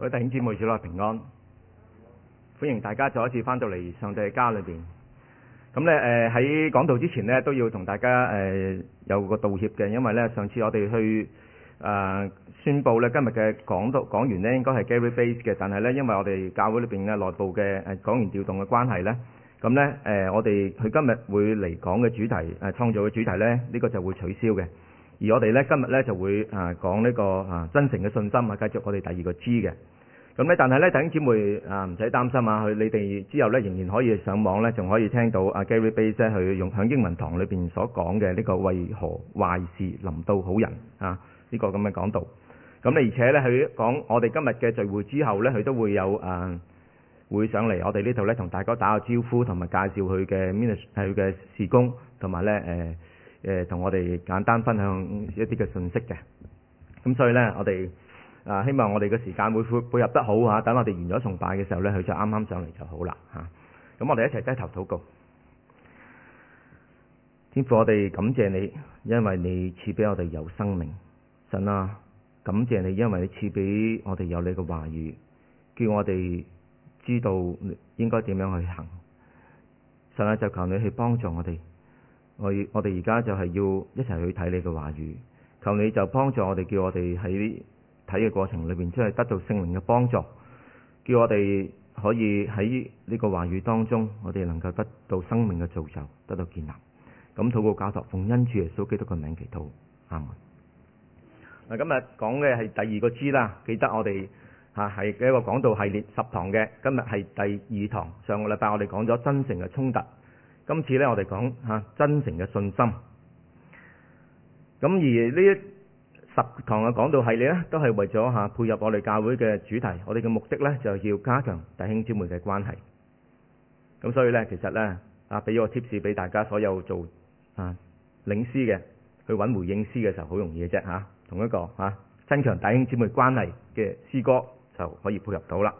我哋弟兄姊妹，主內平安，歡迎大家再一次翻到嚟上帝嘅家裏邊。咁咧誒喺講道之前咧都要同大家誒、呃、有個道歉嘅，因為咧上次我哋去誒、呃、宣佈咧今日嘅講道講員咧應該係 Gary Face 嘅，但係咧因為我哋教會裏邊嘅內部嘅誒講員調動嘅關係咧，咁咧誒我哋佢今日會嚟講嘅主題誒創、呃、造嘅主題咧呢、這個就會取消嘅。而我哋咧今日咧就會啊講呢個啊真誠嘅信心啊，繼續我哋第二個 G 嘅。咁咧，但係咧弟兄姊妹啊，唔使擔心啊，佢你哋之後咧仍然可以上網咧，仲可以聽到啊 Gary Bass 佢用響英文堂裏邊所講嘅呢個為何壞事臨到好人啊呢、這個咁嘅講道。咁咧而且咧佢講我哋今日嘅聚會之後咧，佢都會有啊會上嚟我哋呢度咧，同大家打個招呼，同埋介紹佢嘅 ministry 佢嘅事工，同埋咧誒。呃誒，同我哋簡單分享一啲嘅信息嘅，咁所以呢，我哋啊，希望我哋嘅時間會配合得好吓，啊，等我哋完咗崇拜嘅時候呢，佢就啱啱上嚟就好啦吓。咁，啊，我哋一齊低頭禱告，天父，我哋感謝你，因為你賜俾我哋有生命，神啊，感謝你，因為你賜俾我哋有你嘅話語，叫我哋知道應該點樣去行。神啊，就求你去幫助我哋。我我哋而家就係要一齊去睇你嘅話語，求你就幫助我哋，叫我哋喺睇嘅過程裏邊，真係得到聖靈嘅幫助，叫我哋可以喺呢個話語當中，我哋能夠得到生命嘅造就，得到建立。咁禱告教，教徒奉恩主耶穌基督嘅名祈禱，阿門。嗱，今日講嘅係第二個知啦，記得我哋吓係一個講道系列十堂嘅，今日係第二堂。上個禮拜我哋講咗真誠嘅衝突。今次咧，我哋講吓、啊、真誠嘅信心。咁而呢十堂嘅講道系列咧，都係為咗吓、啊、配合我哋教會嘅主題。我哋嘅目的咧，就要加強弟兄姊妹嘅關係。咁所以咧，其實咧啊，俾個 tips 俾大家，所有做啊領詩嘅去揾回應詩嘅時候，好容易嘅啫吓。同、啊、一個吓、啊、增強弟兄姊妹關係嘅詩歌就可以配合到啦。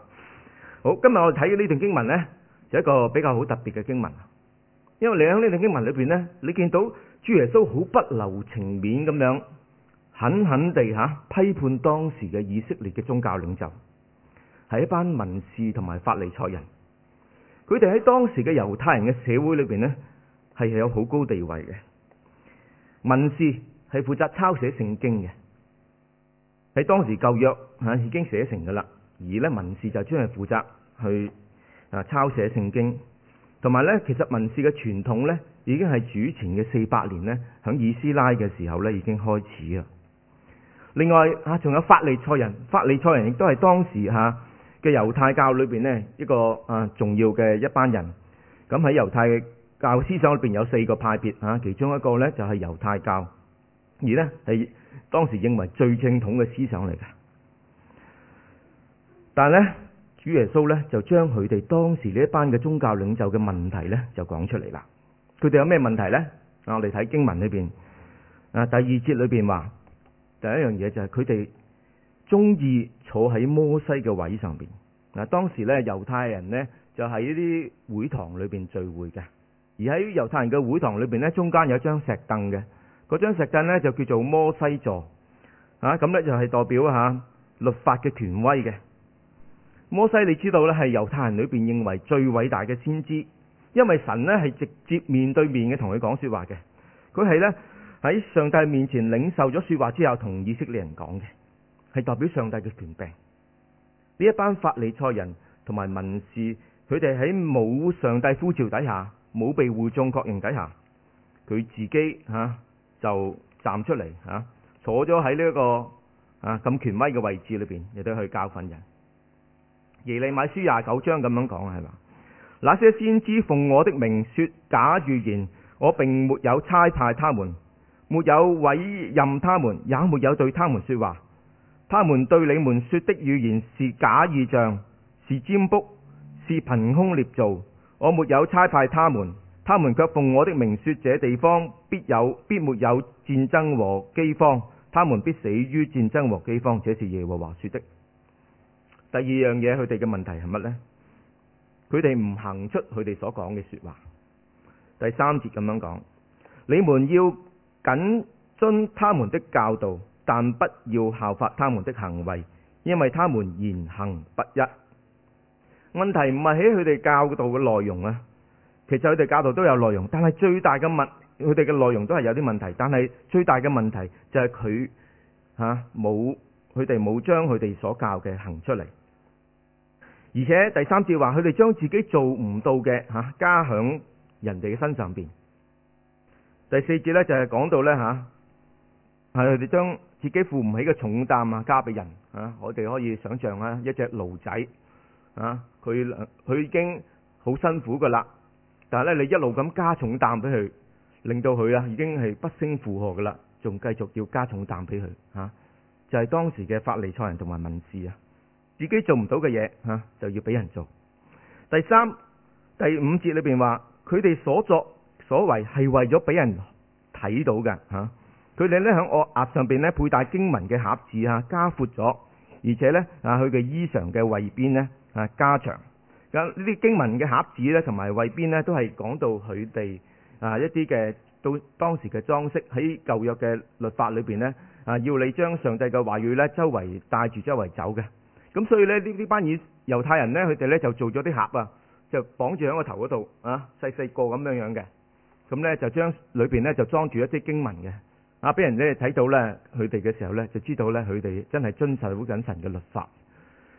好，今日我哋睇嘅呢段經文呢，就一個比較好特別嘅經文。因為你喺呢段經文裏邊呢，你見到主耶穌好不留情面咁樣，狠狠地吓批判當時嘅以色列嘅宗教領袖，係一班文士同埋法利賽人。佢哋喺當時嘅猶太人嘅社會裏邊呢，係有好高地位嘅。文士係負責抄寫聖經嘅，喺當時舊約吓已經寫成噶啦，而呢文士就將係負責去啊抄寫聖經。同埋咧，其實文士嘅傳統咧，已經係主前嘅四百年咧，喺以斯拉嘅時候咧已經開始咗。另外啊，仲有法利賽人，法利賽人亦都係當時嚇嘅猶太教裏邊呢一個啊重要嘅一班人。咁喺猶太教思想裏邊有四個派別啊，其中一個咧就係猶太教，而呢係當時認為最正統嘅思想嚟嘅。但係咧。主耶穌咧就將佢哋當時呢一班嘅宗教領袖嘅問題咧就講出嚟啦。佢哋有咩問題呢？嗱，我哋睇經文裏邊，第二節裏邊話，第一樣嘢就係佢哋中意坐喺摩西嘅位上邊。嗱，當時咧猶太人呢，就喺呢啲會堂裏邊聚會嘅，而喺猶太人嘅會堂裏邊咧，中間有一張石凳嘅，嗰張石凳咧就叫做摩西座。啊，咁咧就係、是、代表嚇律法嘅權威嘅。摩西你知道咧，係猶太人裏邊認為最偉大嘅先知，因為神咧係直接面對面嘅同佢講說話嘅，佢係咧喺上帝面前領受咗說話之後，同以色列人講嘅，係代表上帝嘅權柄。呢一班法利賽人同埋文士，佢哋喺冇上帝呼召底下，冇被護眾確認底下，佢自己吓就站出嚟吓，坐咗喺呢一個啊咁權威嘅位置裏邊，亦都去教訓人。耶利米書廿九章咁樣講係嘛？那些先知奉我的名說假預言，我並沒有差派他們，沒有委任他們，也沒有對他們說話。他們對你們說的預言是假異象，是占卜，是憑空捏造。我沒有差派他們，他們卻奉我的名說：這地方必有必沒有戰爭和饑荒，他們必死於戰爭和饑荒。這是耶和華說的。第二樣嘢，佢哋嘅問題係乜呢？佢哋唔行出佢哋所講嘅說話。第三節咁樣講：你們要謹遵他們的教導，但不要效法他們的行為，因為他們言行不一。問題唔係喺佢哋教導嘅內容啊，其實佢哋教導都有內容，但係最大嘅問，佢哋嘅內容都係有啲問題。但係最大嘅問題就係佢吓冇，佢哋冇將佢哋所教嘅行出嚟。而且第三節話，佢哋將自己做唔到嘅吓，加喺人哋嘅身上邊。第四節呢，就係講到呢，吓、啊，係佢哋將自己負唔起嘅重擔啊加俾人啊，我哋可以想象啊，一隻驢仔啊佢佢已經好辛苦噶啦，但係呢，你一路咁加重擔俾佢，令到佢啊已經係不勝負荷噶啦，仲繼續要加重擔俾佢嚇，就係當時嘅法利賽人同埋文士啊。自己做唔到嘅嘢嚇，就要俾人做。第三第五節裏邊話佢哋所作所為係為咗俾人睇到嘅嚇。佢哋咧響我額上邊咧佩戴經文嘅盒子啊，加闊咗，而且咧啊，佢嘅衣裳嘅圍邊咧啊加長。咁呢啲經文嘅盒子咧，同埋圍邊咧，都係講到佢哋啊一啲嘅到當時嘅裝飾喺舊約嘅律法裏邊咧啊，要你將上帝嘅話語咧周圍帶住周圍走嘅。咁所以咧，呢呢班以猶太人咧，佢哋咧就做咗啲盒啊，就綁住喺個頭嗰度啊，細細個咁樣樣嘅，咁咧就將裏邊咧就裝住一啲經文嘅，啊，俾人咧睇到咧，佢哋嘅時候咧就知道咧，佢哋真係遵守好緊神嘅律法。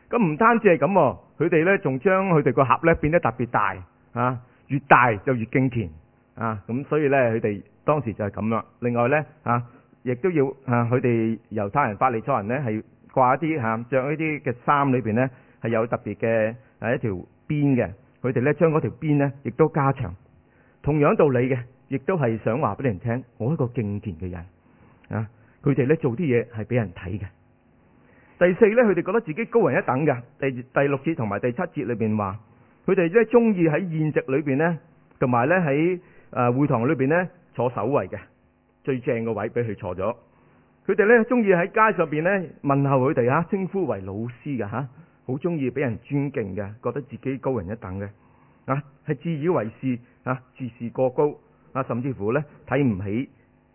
咁唔單止係咁喎，佢哋咧仲將佢哋個盒咧變得特別大啊，越大就越敬虔。啊，咁、啊、所以咧佢哋當時就係咁啦。另外咧啊，亦都要啊，佢哋猶太人法利賽人咧係。啊掛一啲吓，着呢啲嘅衫裏邊呢，係有特別嘅，誒一條邊嘅。佢哋呢，將嗰條邊呢，亦都加長，同樣道理嘅，亦都係想話俾你人聽，我一個敬虔嘅人啊，佢哋呢，做啲嘢係俾人睇嘅。第四呢，佢哋覺得自己高人一等嘅。第第六節同埋第七節裏邊話，佢哋呢中意喺宴席裏邊呢，同埋呢，喺誒、呃、會堂裏邊呢，坐首位嘅，最正嘅位俾佢坐咗。佢哋咧中意喺街上邊咧問候佢哋吓，稱呼為老師嘅吓，好中意俾人尊敬嘅，覺得自己高人一等嘅，啊，係自以為是啊，自視過高啊，甚至乎咧睇唔起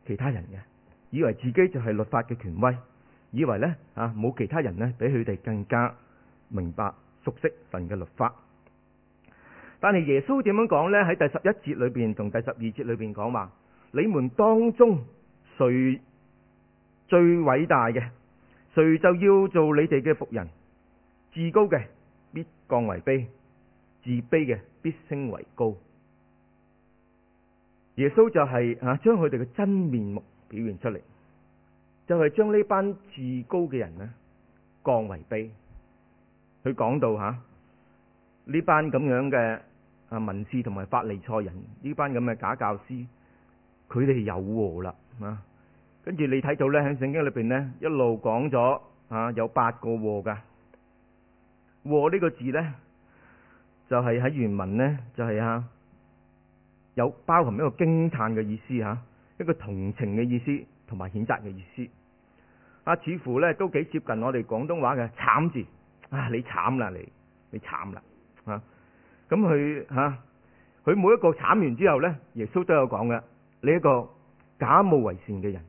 其他人嘅，以為自己就係律法嘅權威，以為咧啊冇其他人咧比佢哋更加明白熟悉神嘅律法。但係耶穌點樣講咧？喺第十一節裏邊同第十二節裏邊講話你們當中誰？最偉大嘅，誰就要做你哋嘅僕人。自高嘅必降為卑，自卑嘅必升為高。耶穌就係啊，將佢哋嘅真面目表現出嚟，就係、是、將呢班自高嘅人咧、啊、降為卑。佢講到吓、啊，呢班咁樣嘅啊文士同埋法利賽人，呢班咁嘅假教師，佢哋有禍啦啊！跟住你睇到咧，喺聖經裏邊咧，一路講咗，啊，有八個禍噶。禍呢個字咧，就係喺原文咧，就係啊有包含一個驚嘆嘅意思吓，一個同情嘅意思，同埋譴責嘅意思啊，似乎咧都幾接近我哋廣東話嘅慘字啊，你慘啦，你你慘啦吓，咁佢吓佢每一個慘完之後咧，耶穌都有講嘅，你一個假冒為善嘅人。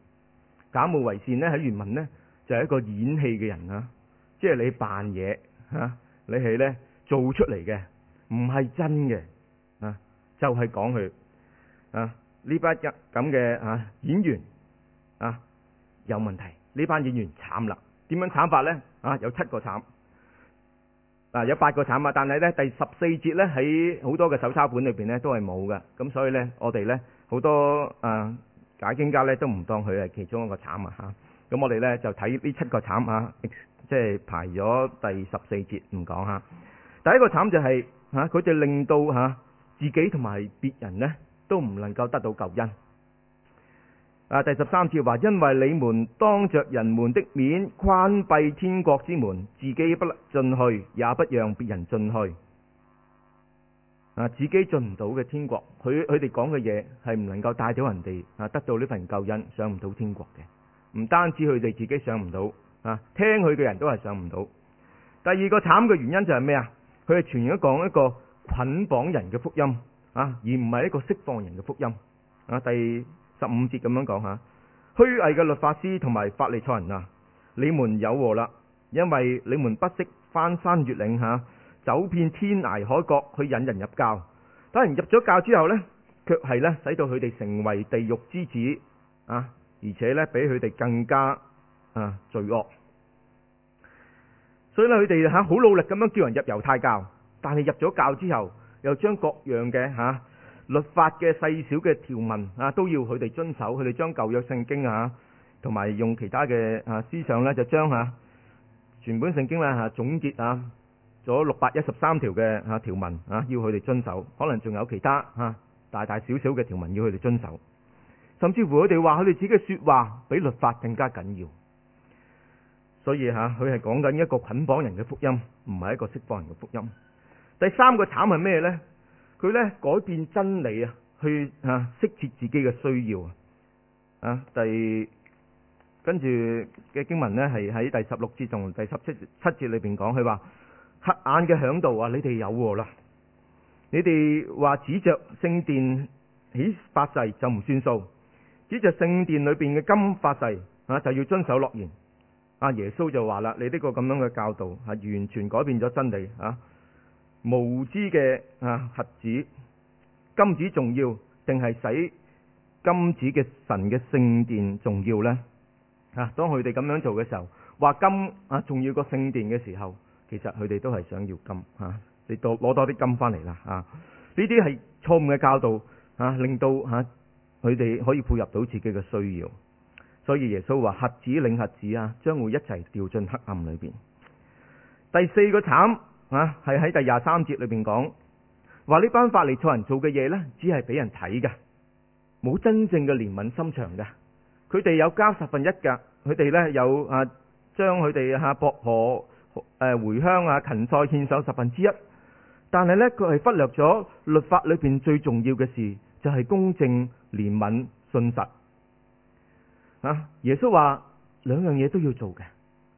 假冒為善呢，喺原文呢，就係、是、一個演戲嘅人啊，即係你扮嘢吓，你係呢做出嚟嘅，唔係真嘅啊，就係講佢啊呢班一咁嘅啊演員啊有問題，呢班演員慘啦，點樣慘法呢？啊有七個慘，啊有八個慘啊，但係呢，第十四節呢，喺好多嘅手抄本裏邊呢，都係冇嘅，咁所以呢，我哋呢，好多啊。解經家咧都唔當佢係其中一個慘啊！吓咁，我哋呢就睇呢七個慘吓，啊，即係排咗第十四節唔講吓。第一個慘就係、是、吓，佢、啊、就令到吓、啊、自己同埋別人呢都唔能夠得到救恩。啊，第十三節話，因為你們當着人們的面關閉天國之門，自己不進去，也不讓別人進去。啊！自己進唔到嘅天國，佢佢哋講嘅嘢，係唔能夠帶到人哋啊，得到呢份救恩，上唔到天國嘅。唔單止佢哋自己上唔到啊，聽佢嘅人都係上唔到。第二個慘嘅原因就係咩啊？佢哋傳咗講一個捆綁人嘅福音啊，而唔係一個釋放人嘅福音。啊，第十五節咁樣講吓，虛偽嘅律法師同埋法利賽人啊，你們有禍啦，因為你們不惜翻山越嶺吓。啊走遍天涯海角去引人入教，當人入咗教之後呢卻係咧，使到佢哋成為地獄之子啊！而且呢，比佢哋更加啊罪惡。所以呢，佢哋吓好努力咁樣叫人入猶太教，但係入咗教之後，又將各樣嘅吓律法嘅細小嘅條文啊，都要佢哋遵守。佢哋將舊約聖經啊，同埋用其他嘅啊思想呢，就將吓全本聖經啦吓總結啊！咗六百一十三條嘅吓條文啊，要佢哋遵守，可能仲有其他吓大大小小嘅條文要佢哋遵守，甚至乎佢哋話佢哋自己嘅說話比律法更加緊要，所以吓佢係講緊一個捆綁人嘅福音，唔係一個釋放人嘅福音。第三個慘係咩呢？佢呢改變真理啊，去吓適切自己嘅需要啊。第跟住嘅經文呢係喺第十六節同第十七七節裏邊講，佢話。黑眼嘅響度啊！你哋有禍啦，你哋話指着聖殿起發誓就唔算數，指着聖殿裏邊嘅金發誓啊，就要遵守諾言。阿耶穌就話啦，你呢個咁樣嘅教導係完全改變咗真理啊！無知嘅啊，金子，金子重要，定係使金子嘅神嘅聖殿重要咧？啊，當佢哋咁樣做嘅時候，話金啊重要過聖殿嘅時候。其實佢哋都係想要金啊，你多攞多啲金翻嚟啦啊！呢啲係錯誤嘅教導啊，令到吓佢哋可以配合到自己嘅需要。所以耶穌話瞎子領瞎子啊，將會一齊掉進黑暗裏邊。第四個慘啊，係喺第廿三節裏邊講，話呢班法利賽人做嘅嘢呢，只係俾人睇噶，冇真正嘅憐憫心腸噶。佢哋有交十分一噶，佢哋呢有啊將佢哋吓薄荷。誒，回鄉啊，勤賽獻手十分之一，但係呢，佢係忽略咗律法裏邊最重要嘅事，就係、是、公正、憐憫、信實。啊，耶穌話兩樣嘢都要做嘅，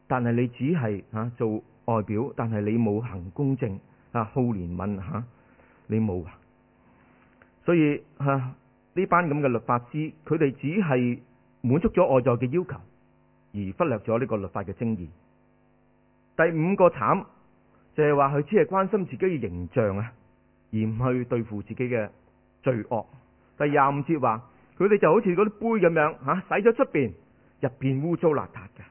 但係你只係吓、啊、做外表，但係你冇行公正啊，好憐憫吓，你冇啊。所以吓呢、啊、班咁嘅律法師，佢哋只係滿足咗外在嘅要求，而忽略咗呢個律法嘅精義。第五個慘就係話佢只係關心自己嘅形象啊，而唔去對付自己嘅罪惡。第二十五節話佢哋就好似嗰啲杯咁樣吓、啊，洗咗出邊，入邊污糟邋遢噶。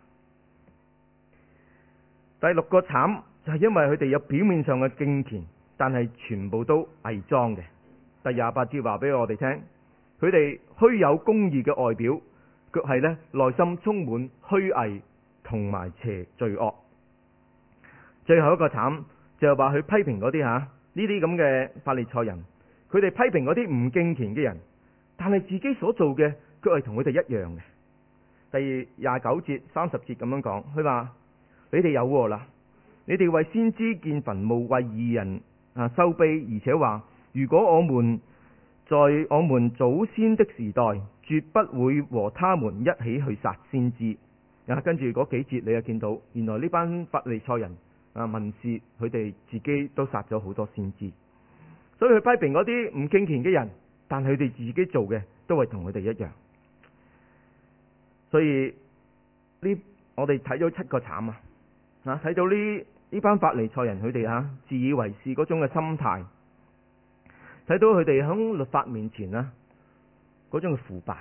第六個慘就係、是、因為佢哋有表面上嘅敬虔，但係全部都偽裝嘅。第二十八節話俾我哋聽，佢哋虛有公義嘅外表，卻係咧內心充滿虛偽同埋邪罪惡。最後一個慘就係話佢批評嗰啲嚇呢啲咁嘅法利賽人，佢哋批評嗰啲唔敬虔嘅人，但係自己所做嘅都係同佢哋一樣嘅。第二廿九節、三十節咁樣講，佢話：你哋有禍啦，你哋為先知建墳墓，為義人啊修碑，而且話：如果我們在我們祖先的時代，絕不會和他們一起去殺先知。啊，跟住嗰幾節你就見到原來呢班法利賽人。啊！民事佢哋自己都殺咗好多先知，所以佢批評嗰啲唔敬虔嘅人，但佢哋自己做嘅都係同佢哋一樣。所以呢，我哋睇咗七個慘啊！啊，睇到呢呢班法利賽人佢哋啊，自以為是嗰種嘅心態，睇到佢哋喺律法面前啊，嗰種嘅腐敗。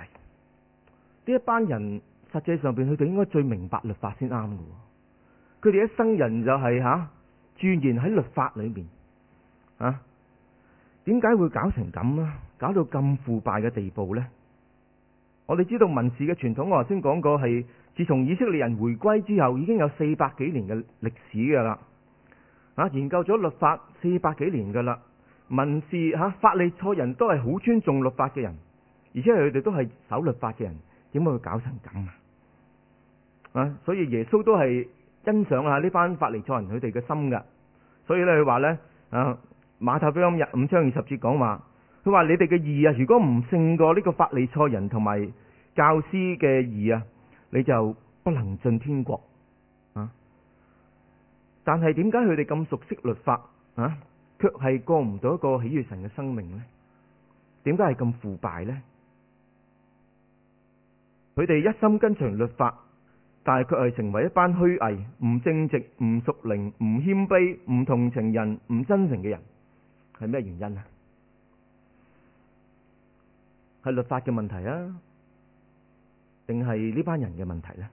呢一班人實際上邊，佢哋應該最明白律法先啱噶。佢哋一生人就係、是、吓，鑽研喺律法裏面，吓、啊，點解會搞成咁啊？搞到咁腐敗嘅地步呢？我哋知道文士嘅傳統，我頭先講過係自從以色列人回歸之後，已經有四百幾年嘅歷史噶啦，吓、啊、研究咗律法四百幾年噶啦，文士吓、啊、法利賽人都係好尊重律法嘅人，而且佢哋都係守律法嘅人，點解會搞成咁啊？所以耶穌都係。欣賞下呢班法利賽人佢哋嘅心噶，所以咧，佢話呢啊，馬太福音日五章二十節講話，佢話你哋嘅義啊，如果唔勝過呢個法利賽人同埋教師嘅義啊，你就不能進天國。啊，但係點解佢哋咁熟悉律法啊，卻係過唔到一個喜悅神嘅生命呢？點解係咁腐敗呢？佢哋一心跟隨律法。但係佢係成為一班虛偽、唔正直、唔屬靈、唔謙卑、唔同情人、唔真誠嘅人，係咩原因啊？係律法嘅問題啊？定係呢班人嘅問題咧？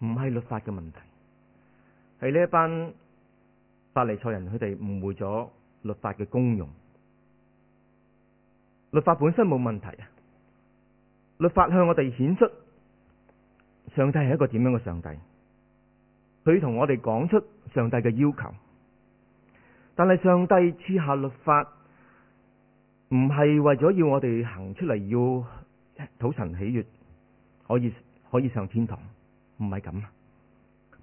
唔係律法嘅問題，係呢一班法利賽人，佢哋誤會咗律法嘅功用。律法本身冇問題啊，律法向我哋顯出。上帝係一個點樣嘅上帝？佢同我哋講出上帝嘅要求，但係上帝賜下律法，唔係為咗要我哋行出嚟要討神喜悦，可以可以上天堂，唔係咁。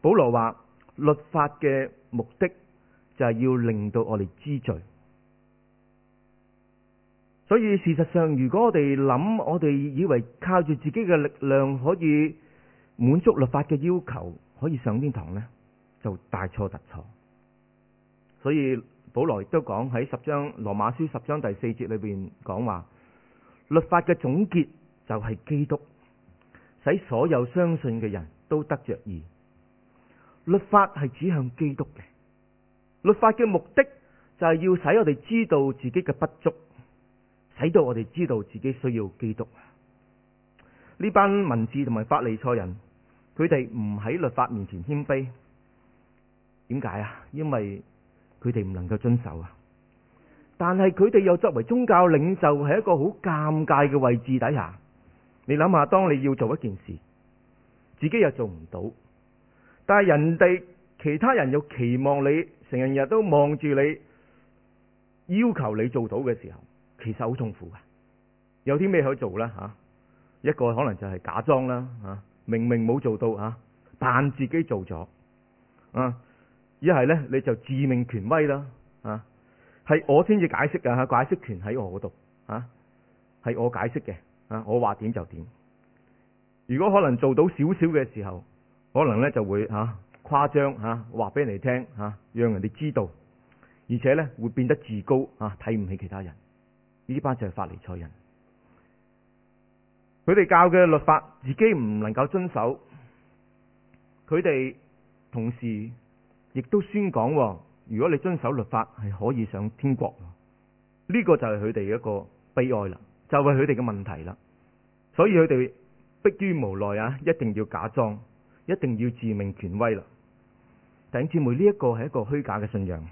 保羅話律法嘅目的就係要令到我哋知罪。所以事實上，如果我哋諗，我哋以為靠住自己嘅力量可以。滿足律法嘅要求可以上天堂呢，就大錯特錯。所以保羅亦都講喺十章羅馬書十章第四節裏邊講話，律法嘅總結就係基督，使所有相信嘅人都得着義。律法係指向基督嘅，律法嘅目的就係要使我哋知道自己嘅不足，使到我哋知道自己需要基督。呢班文士同埋法利賽人，佢哋唔喺律法面前謙卑，點解啊？因為佢哋唔能夠遵守啊！但係佢哋又作為宗教領袖，喺一個好尷尬嘅位置底下。你諗下，當你要做一件事，自己又做唔到，但係人哋其他人又期望你，成日日都望住你，要求你做到嘅時候，其實好痛苦嘅。有啲咩可以做啦嚇？一個可能就係假裝啦嚇。明明冇做到啊，但自己做咗啊，一係咧你就自命權威啦啊，係我先至解釋噶吓，解釋權喺我度啊，係我解釋嘅啊，我話點就點。如果可能做到少少嘅時候，可能咧就會啊誇張吓，話俾人哋聽吓，讓人哋知道，而且咧會變得自高啊，睇唔起其他人。呢班就係法利賽人。佢哋教嘅律法，自己唔能夠遵守。佢哋同時亦都宣講，如果你遵守律法，係可以上天國。呢、這個就係佢哋一個悲哀啦，就係佢哋嘅問題啦。所以佢哋迫於無奈啊，一定要假裝，一定要自命權威啦。弟兄姊妹，呢、這個、一個係一個虛假嘅信仰，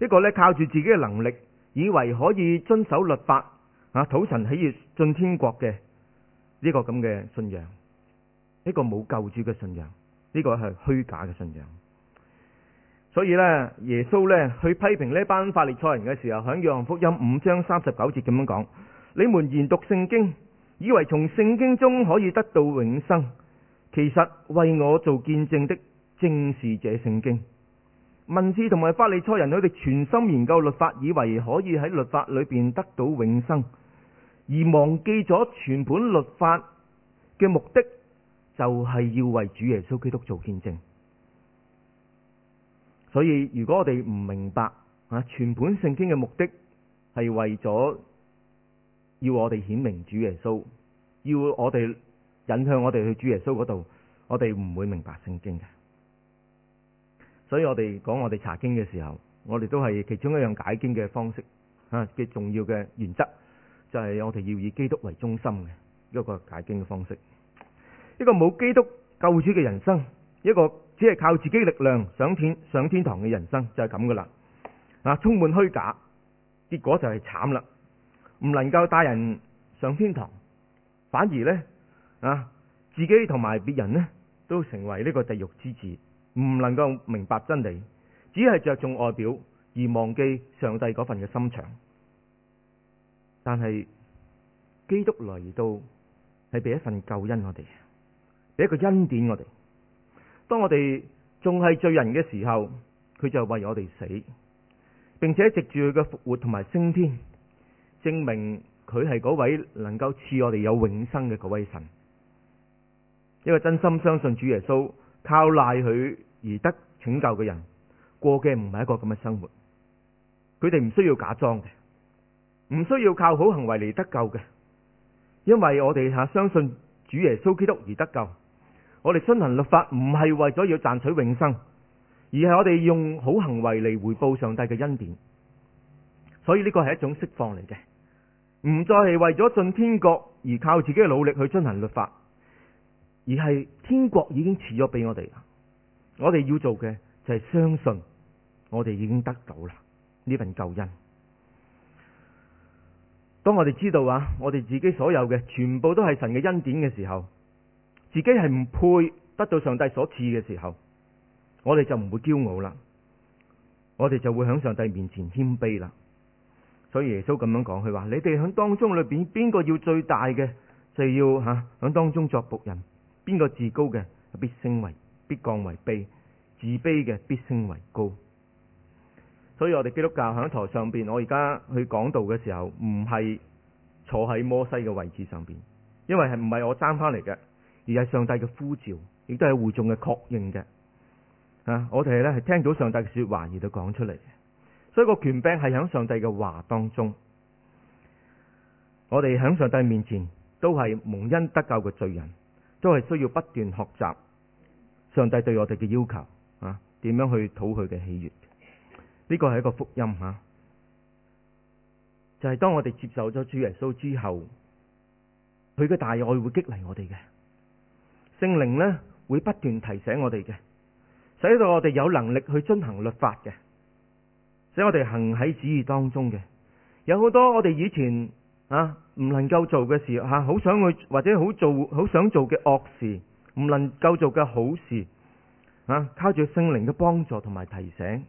一個呢靠住自己嘅能力，以為可以遵守律法，啊，土神起業進天國嘅。呢個咁嘅信仰，呢個冇救主嘅信仰，呢個係虛假嘅信仰。所以呢，耶穌呢去批評呢班法利賽人嘅時候，喺《約翰福音》五章三十九節咁樣講：你們研讀聖經，以為從聖經中可以得到永生，其實為我做見證的正是這聖經。文士同埋法利賽人佢哋全心研究律法，以為可以喺律法裏邊得到永生。而忘記咗全本律法嘅目的，就係要為主耶穌基督做見證。所以，如果我哋唔明白啊，全本聖經嘅目的係為咗要我哋顯明主耶穌，要我哋引向我哋去主耶穌嗰度，我哋唔會明白聖經嘅。所以我哋講我哋查經嘅時候，我哋都係其中一樣解經嘅方式啊嘅重要嘅原則就係我哋要以基督為中心嘅一個解經嘅方式，一個冇基督救主嘅人生，一個只係靠自己力量上天上天堂嘅人生就係咁噶啦，啊充滿虛假，結果就係慘啦，唔能夠帶人上天堂，反而呢，啊自己同埋別人呢，都成為呢個地獄之子，唔能夠明白真理，只係着重外表而忘記上帝嗰份嘅心腸。但係，基督嚟到係俾一份救恩我哋，俾一個恩典我哋。當我哋仲係罪人嘅時候，佢就為我哋死，並且藉住佢嘅復活同埋升天，證明佢係嗰位能夠賜我哋有永生嘅嗰位神。一個真心相信主耶穌、靠賴佢而得拯救嘅人，過嘅唔係一個咁嘅生活，佢哋唔需要假裝嘅。唔需要靠好行為嚟得救嘅，因為我哋係相信主耶穌基督而得救。我哋遵行律法唔係為咗要賺取永生，而係我哋用好行為嚟回報上帝嘅恩典。所以呢個係一種釋放嚟嘅，唔再係為咗進天國而靠自己嘅努力去遵行律法，而係天國已經賜咗俾我哋啦。我哋要做嘅就係相信，我哋已經得到啦呢份救恩。當我哋知道啊，我哋自己所有嘅全部都係神嘅恩典嘅時候，自己係唔配得到上帝所賜嘅時候，我哋就唔會驕傲啦，我哋就會響上帝面前謙卑啦。所以耶穌咁樣講，佢話：你哋響當中裏邊，邊個要最大嘅就要吓響當中作僕人；邊個自高嘅必升為，必降為卑；自卑嘅必升為高。所以我哋基督教響台上邊，我而家去講道嘅時候，唔係坐喺摩西嘅位置上邊，因為係唔係我爭翻嚟嘅，而係上帝嘅呼召，亦都係會眾嘅確認嘅。啊，我哋咧係聽到上帝嘅說話而到講出嚟嘅，所以個權柄係響上帝嘅話當中。我哋響上帝面前都係蒙恩得救嘅罪人，都係需要不斷學習上帝對我哋嘅要求啊，點樣去討佢嘅喜悅。呢個係一個福音吓、啊，就係、是、當我哋接受咗主耶穌之後，佢嘅大愛會激勵我哋嘅，聖靈呢會不斷提醒我哋嘅，使到我哋有能力去遵行律法嘅，使我哋行喺旨意當中嘅。有好多我哋以前啊唔能夠做嘅事吓，好、啊、想去或者好做好想做嘅惡事，唔能夠做嘅好事啊，靠住聖靈嘅幫助同埋提醒。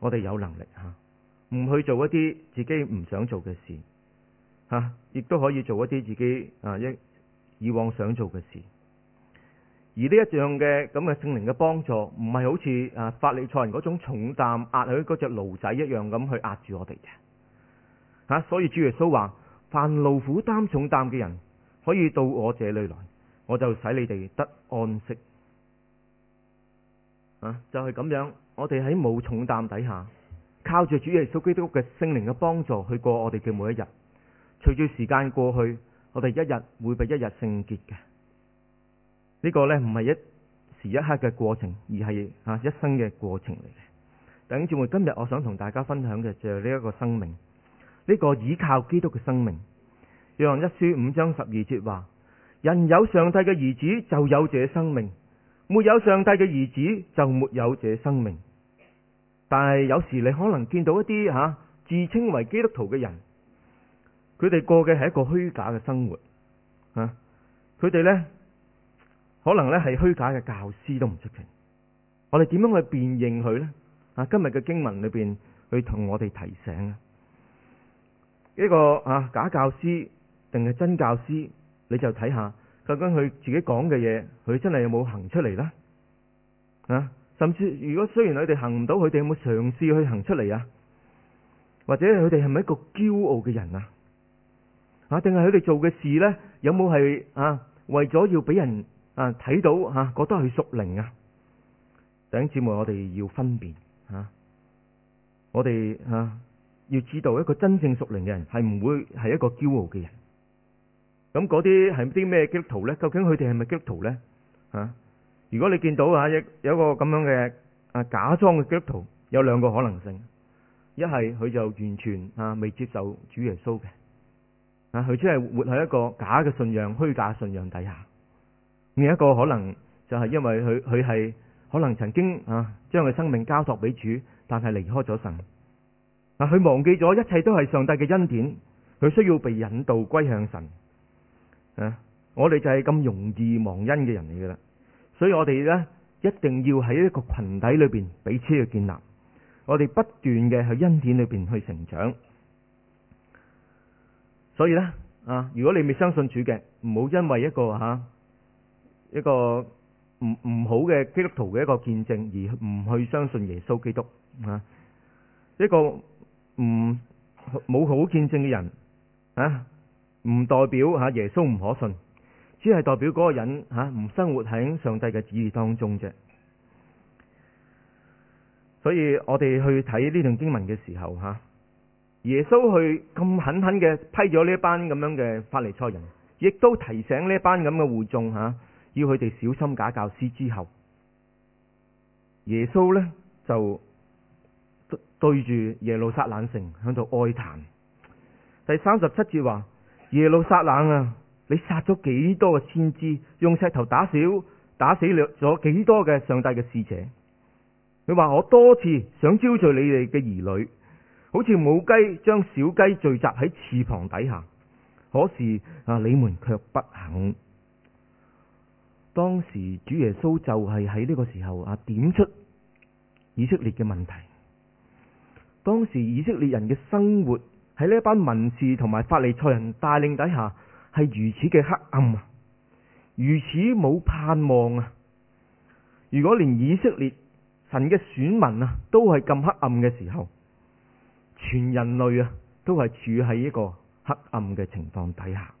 我哋有能力吓，唔去做一啲自己唔想做嘅事，吓亦都可以做一啲自己啊一以往想做嘅事。而呢一樣嘅咁嘅聖靈嘅幫助，唔係好似啊法利賽人嗰種重擔壓喺嗰隻驢仔一樣咁去壓住我哋嘅，吓所以主耶穌話：凡勞苦擔重擔嘅人，可以到我這裏來，我就使你哋得安息。啊，就係、是、咁樣。我哋喺冇重擔底下，靠住主耶穌基督嘅聖靈嘅幫助，去過我哋嘅每一日。隨住時間過去，我哋一日，日會被一日聖潔嘅。呢、這個呢，唔係一時一刻嘅過程，而係啊一生嘅過程嚟嘅。等住我今日我想同大家分享嘅就係呢一個生命，呢、這個倚靠基督嘅生命。約翰一書五章十二節話：人有上帝嘅兒子，就有這生命；沒有上帝嘅兒子，就沒有這生命。但係有時你可能見到一啲吓、啊、自稱為基督徒嘅人，佢哋過嘅係一個虛假嘅生活，吓佢哋呢，可能呢係虛假嘅教師都唔出奇。我哋點樣去辨認佢呢？啊，今日嘅經文裏邊，去同我哋提醒啊，呢個啊假教師定係真教師，你就睇下究竟佢自己講嘅嘢，佢真係有冇行出嚟啦？啊！甚至如果雖然佢哋行唔到，佢哋有冇嘗試去行出嚟啊？或者佢哋係咪一個驕傲嘅人啊？啊，定係佢哋做嘅事呢？有冇係啊？為咗要俾人啊睇到吓、啊，覺得係屬靈啊？弟兄姊妹，我哋要分辨吓、啊，我哋吓、啊、要知道一個真正屬靈嘅人係唔會係一個驕傲嘅人。咁嗰啲係啲咩基督徒咧？究竟佢哋係咪基督徒咧？吓、啊？如果你見到啊，有有個咁樣嘅啊假裝嘅基督徒，有兩個可能性：一係佢就完全啊未接受主耶穌嘅，啊佢只係活喺一個假嘅信仰、虛假信仰底下；另一個可能就係因為佢佢係可能曾經啊將佢生命交託俾主，但係離開咗神，啊佢忘記咗一切都係上帝嘅恩典，佢需要被引導歸向神。啊，我哋就係咁容易忘恩嘅人嚟噶啦。所以我哋咧一定要喺一個群體裏邊彼此去建立，我哋不斷嘅喺恩典裏邊去成長。所以咧啊，如果你未相信主嘅，唔好因為一個吓一個唔唔好嘅基督徒嘅一個見證而唔去相信耶穌基督啊！一個唔冇好見證嘅人啊，唔代表吓耶穌唔可信。只係代表嗰個人吓唔生活喺上帝嘅旨意當中啫，所以我哋去睇呢段經文嘅時候吓，耶穌去咁狠狠嘅批咗呢班咁樣嘅法利賽人，亦都提醒呢班咁嘅會眾吓，要佢哋小心假教師之後，耶穌呢就對住耶路撒冷城喺度哀嘆，第三十七節話耶路撒冷啊。你殺咗幾多個先知？用石頭打小，打死掠咗幾多嘅上帝嘅使者？佢話我多次想招聚你哋嘅兒女，好似母雞將小雞聚集喺翅膀底下，可是啊，你們卻不肯。當時主耶穌就係喺呢個時候啊，點出以色列嘅問題。當時以色列人嘅生活喺呢一班文士同埋法利賽人帶領底下，係如此嘅黑暗，如此冇盼望啊！如果連以色列神嘅選民啊，都係咁黑暗嘅時候，全人類啊，都係處喺一個黑暗嘅情況底下，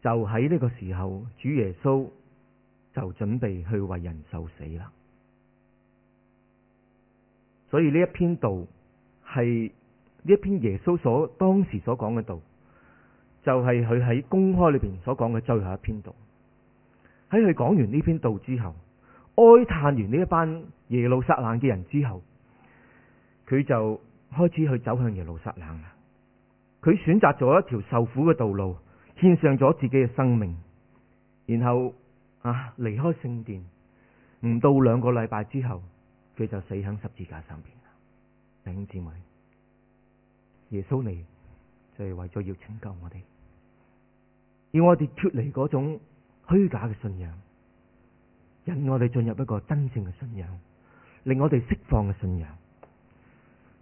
就喺呢個時候，主耶穌就準備去為人受死啦。所以呢一篇道係呢一篇耶穌所當時所講嘅道。就係佢喺公開裏邊所講嘅最後一篇道，喺佢講完呢篇道之後，哀嘆完呢一班耶路撒冷嘅人之後，佢就開始去走向耶路撒冷啦。佢選擇咗一條受苦嘅道路，獻上咗自己嘅生命，然後啊離開聖殿。唔到兩個禮拜之後，佢就死喺十字架上邊啦。弟兄姊妹，耶穌嚟就係為咗要拯救我哋。要我哋脫離嗰種虛假嘅信仰，引我哋進入一個真正嘅信仰，令我哋釋放嘅信仰。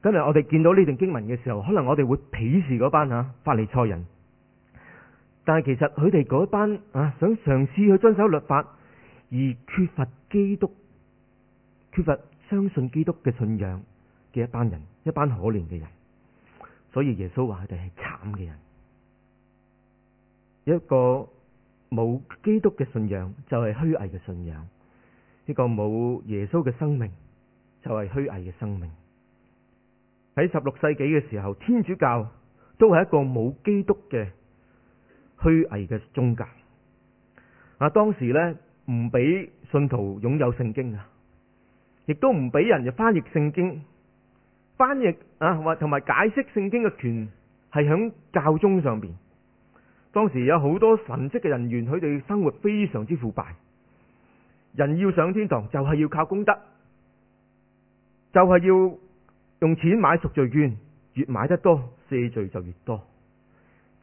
今日我哋見到呢段經文嘅時候，可能我哋會鄙視嗰班吓法利賽人，但係其實佢哋嗰班啊想嘗試去遵守律法，而缺乏基督、缺乏相信基督嘅信仰嘅一班人，一班可憐嘅人，所以耶穌話佢哋係慘嘅人。一個冇基督嘅信仰就係虛偽嘅信仰，一個冇耶穌嘅生命就係虛偽嘅生命。喺十六世紀嘅時候，天主教都係一個冇基督嘅虛偽嘅宗教。啊，當時呢唔俾信徒擁有聖經啊，亦都唔俾人哋翻譯聖經，翻譯啊或同埋解釋聖經嘅權係響教宗上邊。當時有好多神職嘅人員，佢哋生活非常之腐敗。人要上天堂就係、是、要靠功德，就係、是、要用錢買贖罪券，越買得多，赦罪就越多。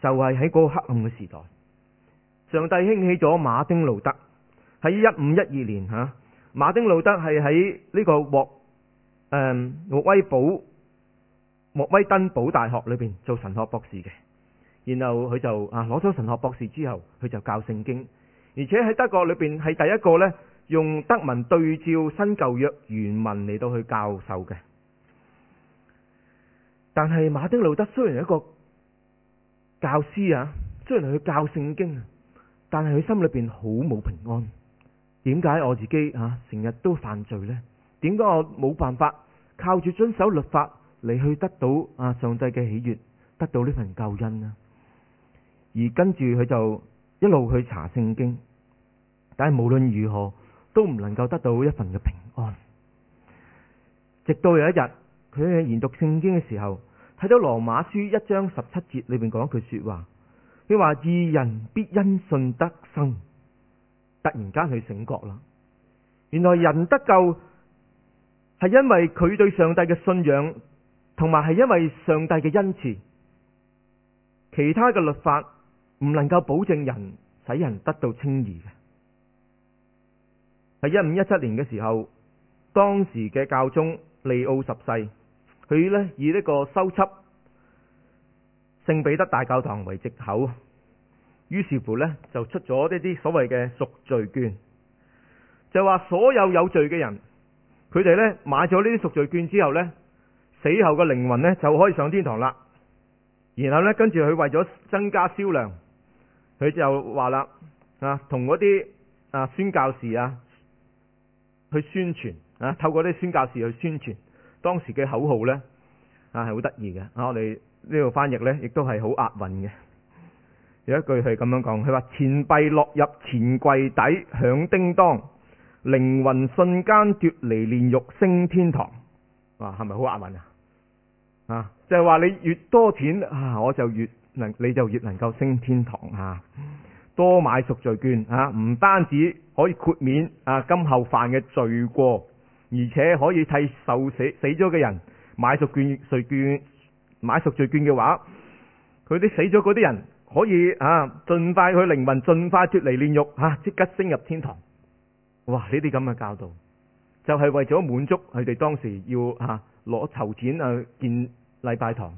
就係喺嗰個黑暗嘅時代，上帝興起咗馬丁路德。喺一五一二年吓，馬丁路德係喺呢個莫、呃、莫威堡莫威登堡大學裏邊做神學博士嘅。然後佢就啊攞咗神學博士之後，佢就教聖經，而且喺德國裏邊係第一個呢用德文對照新舊約原文嚟到去教授嘅。但係馬丁路德雖然係一個教師啊，雖然係去教聖經，但係佢心裏邊好冇平安。點解我自己啊成日都犯罪呢？點解我冇辦法靠住遵守律法嚟去得到啊上帝嘅喜悅，得到呢份救恩呢？而跟住佢就一路去查聖經，但係無論如何都唔能夠得到一份嘅平安。直到有一日，佢喺研讀聖經嘅時候，睇到羅馬書一章十七節裏邊講一句說話，佢話：義人必因信得生。突然間佢醒覺啦，原來人得救係因為佢對上帝嘅信仰，同埋係因為上帝嘅恩賜，其他嘅律法。唔能夠保證人使人得到清義嘅。喺一五一七年嘅時候，當時嘅教宗利奧十世，佢呢以呢個修葺聖彼得大教堂為藉口，於是乎呢就出咗呢啲所謂嘅贖罪券，就話所有有罪嘅人，佢哋呢買咗呢啲贖罪券之後呢，死後嘅靈魂呢就可以上天堂啦。然後呢，跟住佢為咗增加銷量。佢就話啦啊，同嗰啲啊宣教士啊去宣傳啊透過啲宣教士去宣傳，當時嘅口號呢啊係好得意嘅啊，我哋呢度翻譯呢，亦都係好押韻嘅。有一句係咁樣講，佢話錢幣落入錢櫃底響叮當，靈魂瞬間脫離煉獄升天堂。哇、啊，係咪好押韻啊？啊，就係話你越多錢啊，我就越能你就越能夠升天堂吓、啊，多買贖罪券啊，唔單止可以豁免啊今後犯嘅罪過，而且可以替受死死咗嘅人買贖券贖券買贖罪券嘅話，佢啲死咗嗰啲人可以啊盡快去靈魂盡快脫離煉獄啊，即刻升入天堂。哇！呢啲咁嘅教導就係、是、為咗滿足佢哋當時要啊攞籌錢啊建禮拜堂。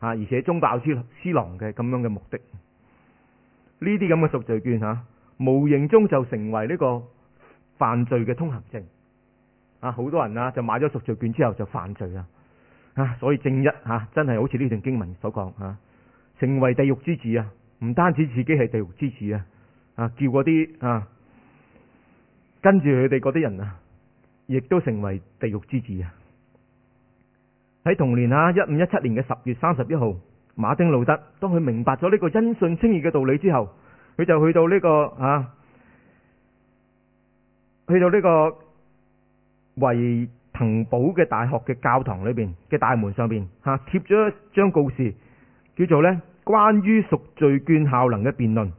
啊！而且中飽私私囊嘅咁樣嘅目的，呢啲咁嘅贖罪券吓、啊，無形中就成為呢個犯罪嘅通行證。啊，好多人啊就買咗贖罪券之後就犯罪啦。啊，所以正一啊，真係好似呢段經文所講啊，成為地獄之子啊，唔單止自己係地獄之子啊，啊，叫嗰啲啊跟住佢哋嗰啲人啊，亦、啊、都成為地獄之子啊。喺同年啊，一五一七年嘅十月三十一號，馬丁路德當佢明白咗呢個因信稱義嘅道理之後，佢就去到呢個啊，去到呢個維滕堡嘅大學嘅教堂裏邊嘅大門上邊吓，貼咗一張告示，叫做呢關於贖罪券效能嘅辯論，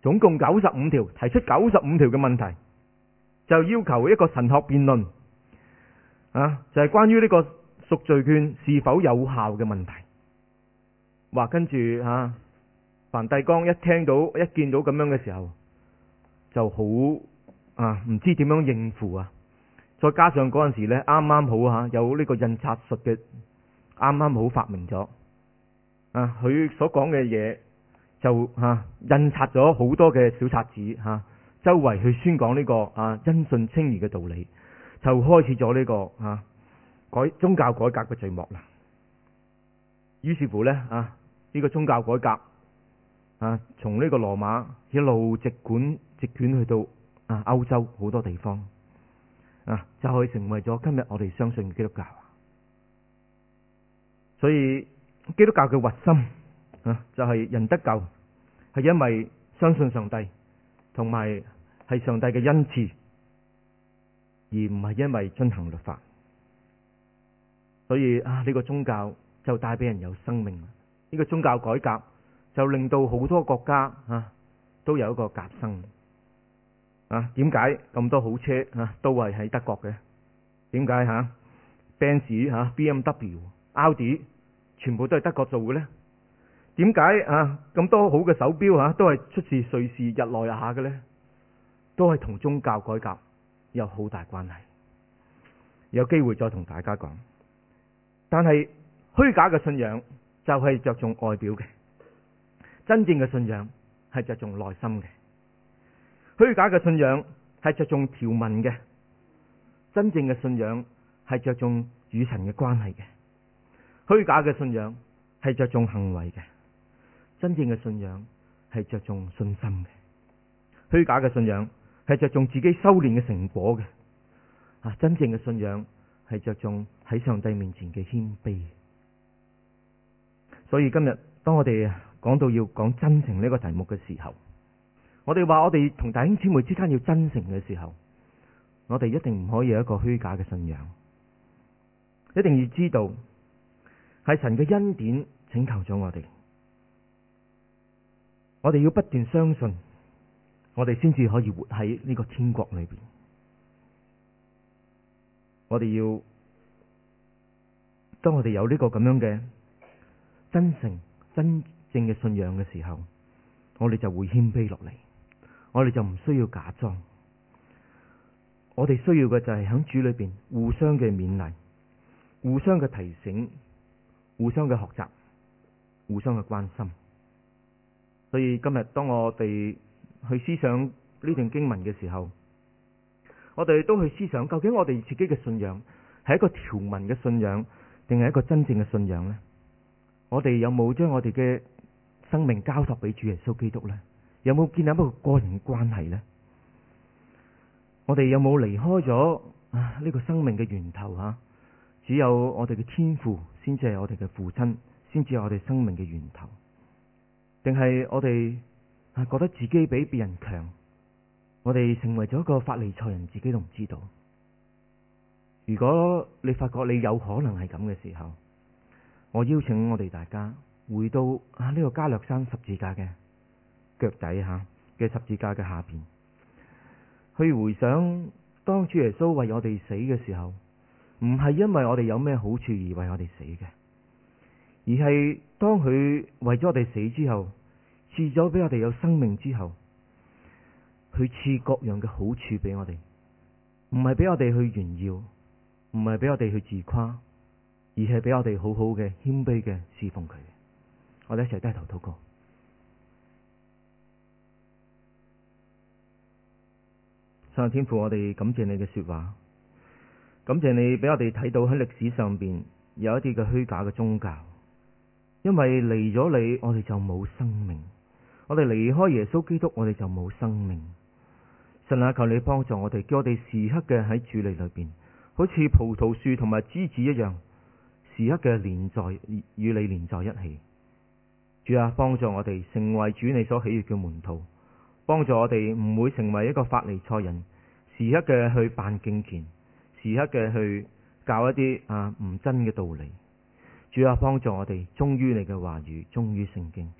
總共九十五條，提出九十五條嘅問題，就要求一個神學辯論啊，就係關於呢個。贖罪券是否有效嘅問題，話跟住吓，梵蒂岡一聽到一見到咁樣嘅時候，就好啊，唔知點樣應付啊。再加上嗰陣時咧，啱啱好吓、啊、有呢個印刷術嘅，啱啱好發明咗啊，佢所講嘅嘢就吓、啊、印刷咗好多嘅小冊子吓、啊，周圍去宣講呢、這個啊因信稱義嘅道理，就開始咗呢、這個啊。改宗教改革嘅序幕啦。於是乎呢，啊，呢個宗教改革啊，從呢個羅馬一路直管直捲去到啊歐洲好多地方啊，就可以成為咗今日我哋相信基督教。所以基督教嘅核心啊，就係人得救係因為相信上帝，同埋係上帝嘅恩賜，而唔係因為進行律法。所以啊，呢、這個宗教就帶俾人有生命。呢、這個宗教改革就令到好多國家啊，都有一個革新。啊，點解咁多好車啊都係喺德國嘅？點解嚇？Benz 嚇、B M W、啊、BMW, Audi 全部都係德國做嘅呢？點解啊咁多好嘅手錶嚇、啊、都係出自瑞士日內瓦嘅呢？都係同宗教改革有好大關係。有機會再同大家講。但係虛假嘅信仰就係着重外表嘅，真正嘅信仰係着重內心嘅。虛假嘅信仰係着重條文嘅，真正嘅信仰係着重與神嘅關係嘅。虛假嘅信仰係着重行為嘅，真正嘅信仰係着重信心嘅。虛假嘅信仰係着重自己修煉嘅成果嘅，啊，真正嘅信仰係着重喺上帝面前嘅謙卑，所以今日當我哋講到要講真誠呢個題目嘅時候，我哋話我哋同弟兄姊妹之間要真誠嘅時候，我哋一定唔可以有一個虛假嘅信仰，一定要知道係神嘅恩典拯救咗我哋，我哋要不斷相信，我哋先至可以活喺呢個天國裏邊，我哋要。當我哋有呢個咁樣嘅真誠、真正嘅信仰嘅時候，我哋就會謙卑落嚟，我哋就唔需要假裝。我哋需要嘅就係喺主裏邊互相嘅勉勵、互相嘅提醒、互相嘅學習、互相嘅關心。所以今日當我哋去思想呢段經文嘅時候，我哋都去思想究竟我哋自己嘅信仰係一個條文嘅信仰。定係一個真正嘅信仰呢？我哋有冇將我哋嘅生命交託俾主耶穌基督呢？有冇建立一個個人關係呢？我哋有冇離開咗呢個生命嘅源頭啊，只有我哋嘅天父先至係我哋嘅父親，先至係我哋生命嘅源頭。定係我哋覺得自己比別人強？我哋成為咗一個法利賽人，自己都唔知道。如果你發覺你有可能係咁嘅時候，我邀請我哋大家回到啊呢個加略山十字架嘅腳底下嘅十字架嘅下邊，去回想當主耶穌為我哋死嘅時候，唔係因為我哋有咩好處而為我哋死嘅，而係當佢為咗我哋死之後，賜咗俾我哋有生命之後，佢賜各樣嘅好處俾我哋，唔係俾我哋去炫耀，唔係俾我哋去自誇，而係俾我哋好好嘅謙卑嘅侍奉佢。我哋一齊低頭禱告，上天父，我哋感謝你嘅說話，感謝你俾我哋睇到喺歷史上邊有一啲嘅虛假嘅宗教。因為離咗你，我哋就冇生命；我哋離開耶穌基督，我哋就冇生命。神啊，求你幫助我哋，叫我哋時刻嘅喺主裏邊。好似葡萄樹同埋枝子一樣，時刻嘅連在與你連在一起。主啊，幫助我哋成為主你所喜悅嘅門徒，幫助我哋唔會成為一個法利賽人，時刻嘅去扮敬虔，時刻嘅去教一啲啊唔真嘅道理。主啊，幫助我哋忠於你嘅話語，忠於聖經，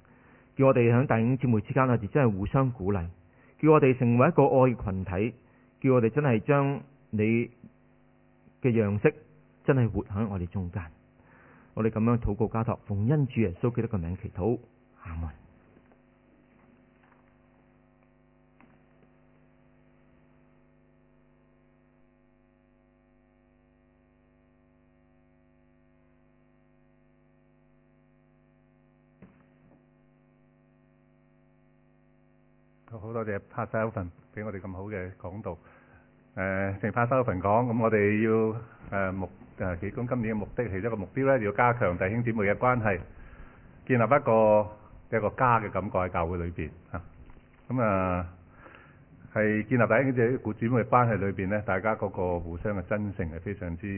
叫我哋喺弟兄姊妹之間啊，我真係互相鼓勵，叫我哋成為一個愛群體，叫我哋真係將你。嘅樣式真係活喺我哋中間，我哋咁樣禱告家託，奉恩主耶穌基督嘅名祈禱，阿門。好，好多謝 Pastor Alvin 俾我哋咁好嘅講道。誒淨，呃、收修平講，咁、嗯、我哋要誒、呃、目誒幾公今年嘅目的其中一個目標呢，要加強弟兄姊妹嘅關係，建立一個一個家嘅感覺喺教會裏邊嚇。咁啊、係、啊、建立弟兄姊妹骨姊妹關係裏邊呢，大家嗰個互相嘅真誠係非常之。